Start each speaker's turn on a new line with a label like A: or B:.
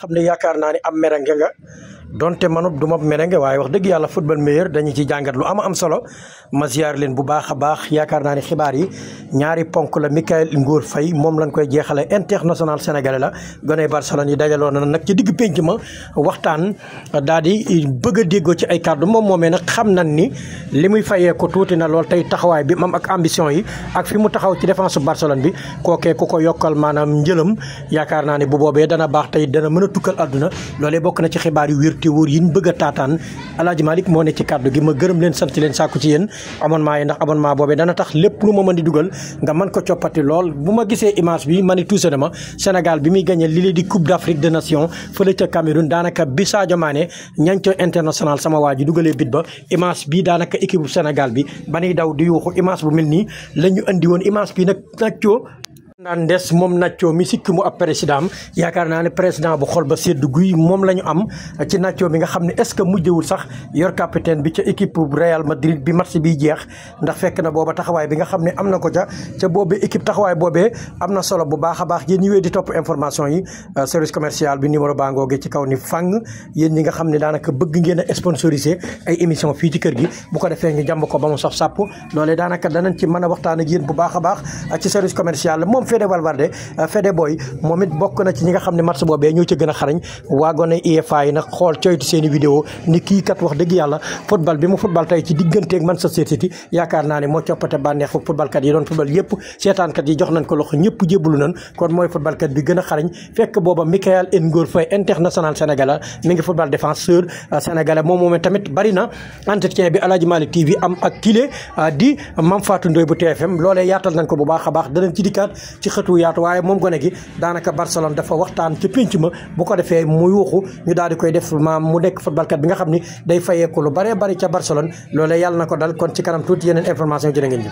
A: xam ne yaakaar naa ne am merengue donte manub du ma nga waaye wax dëgg yàlla football meilleur dañu ci jàngat lu ama am solo ma leen bu baax a baax yaakaar naa ne xibaar yi ñaari ponk la Mikayil Ngor Faye moom lañ koy jeexale international sénégalais la gone Barcelone yi dajaloo na nag ci digg pénc ma waxtaan daal di bëgg a déggoo ci ay kàddu moom moomee nag xam nañ ni li muy fayee ko tuuti na lool tey taxawaay bi mam ak ambition yi ak fi mu taxaw ci défense Barcelone bi kookee ku ko yokkal maanaam njëlam yaakaar naa ne bu boobee dana baax tey dana mën a tukkal àdduna loolee bokk na ci xibaar yu wér te wóor yi ñu bëgg a ma Alaaji moo ne ci kaddu gi ma gërëm leen sant leen sàkku ci yéen abonnement yi ndax abonnement boobee dana tax lépp lu ma mën di dugal nga mën ko coppati lool bu ma gisee image bi ma ni tuuse ma Sénégal bi muy gagné li lay di Coupe d'Afrique des Nations fële ca Cameroun daanaka bi Sadio Mané ñañ international sama waa ji dugalee bit ba image bi daanaka équipe bu Sénégal bi ba nuy daw di yuuxu image bu mel nii la ñu andi woon image bi nag nag coo naan ndes moom naccoo mi sikki mu ab président am yaakaar naa président bu xol ba sedd guy moom la am ci naccoo bi nga xam ne est-ce que mujjewul sax yor capitaine bi ca équipe bi match bi jeex ndax fekk na booba taxawaay bi nga xam ne am na ko ca ca boobee équipe taxawaay boobee na solo bu baax a baax yéen ñi di topp information yi euh, service commercial bi numéro baa ngoogee ci kaw ni fang yéen nga xam ne daanaka bëgg ngeen a sponsoriser ay émission fii ci kër gi bu ko defee ngi jàmb ko ba mu saf sàpp loolee daanaka danañ ci mën a waxtaan ak yéen bu baax a baax ci service commercial moom Fede Valverde euh, Fede Boy moom it bokk na ci ñi nga xam ne match boobee ñoo ca gën a xarañ waa gone UEFA yi nag xool coytu seen i ni kii kat wax dëgg yàlla football bi mu football tey ci man Manchester City yaakaar naa ne moo coppate bànneexu footballkat yi doon football yëpp seetaankat yi jox nañ ko loxo ñëpp jébbalu nañ kon mooy footballkat bi gën a xarañ fekk booba Mikayil Ngor Faye international sénégalais mi ngi football défenseur euh, moom moomee tamit bari na entretien bi Aladji Malick ci xëtu yaatu waaye moom gone gi daanaka Barcelone dafa waxtaan ci pénc ma bu ko defee mu yuuxu ñu daal di koy def maam mu nekk footballkat bi nga xam ni day fayeeku lu bare bari ca Barcelone loolee yàlla na ko dal kon ci kanam tuuti yeneen information jërë ngeen jëf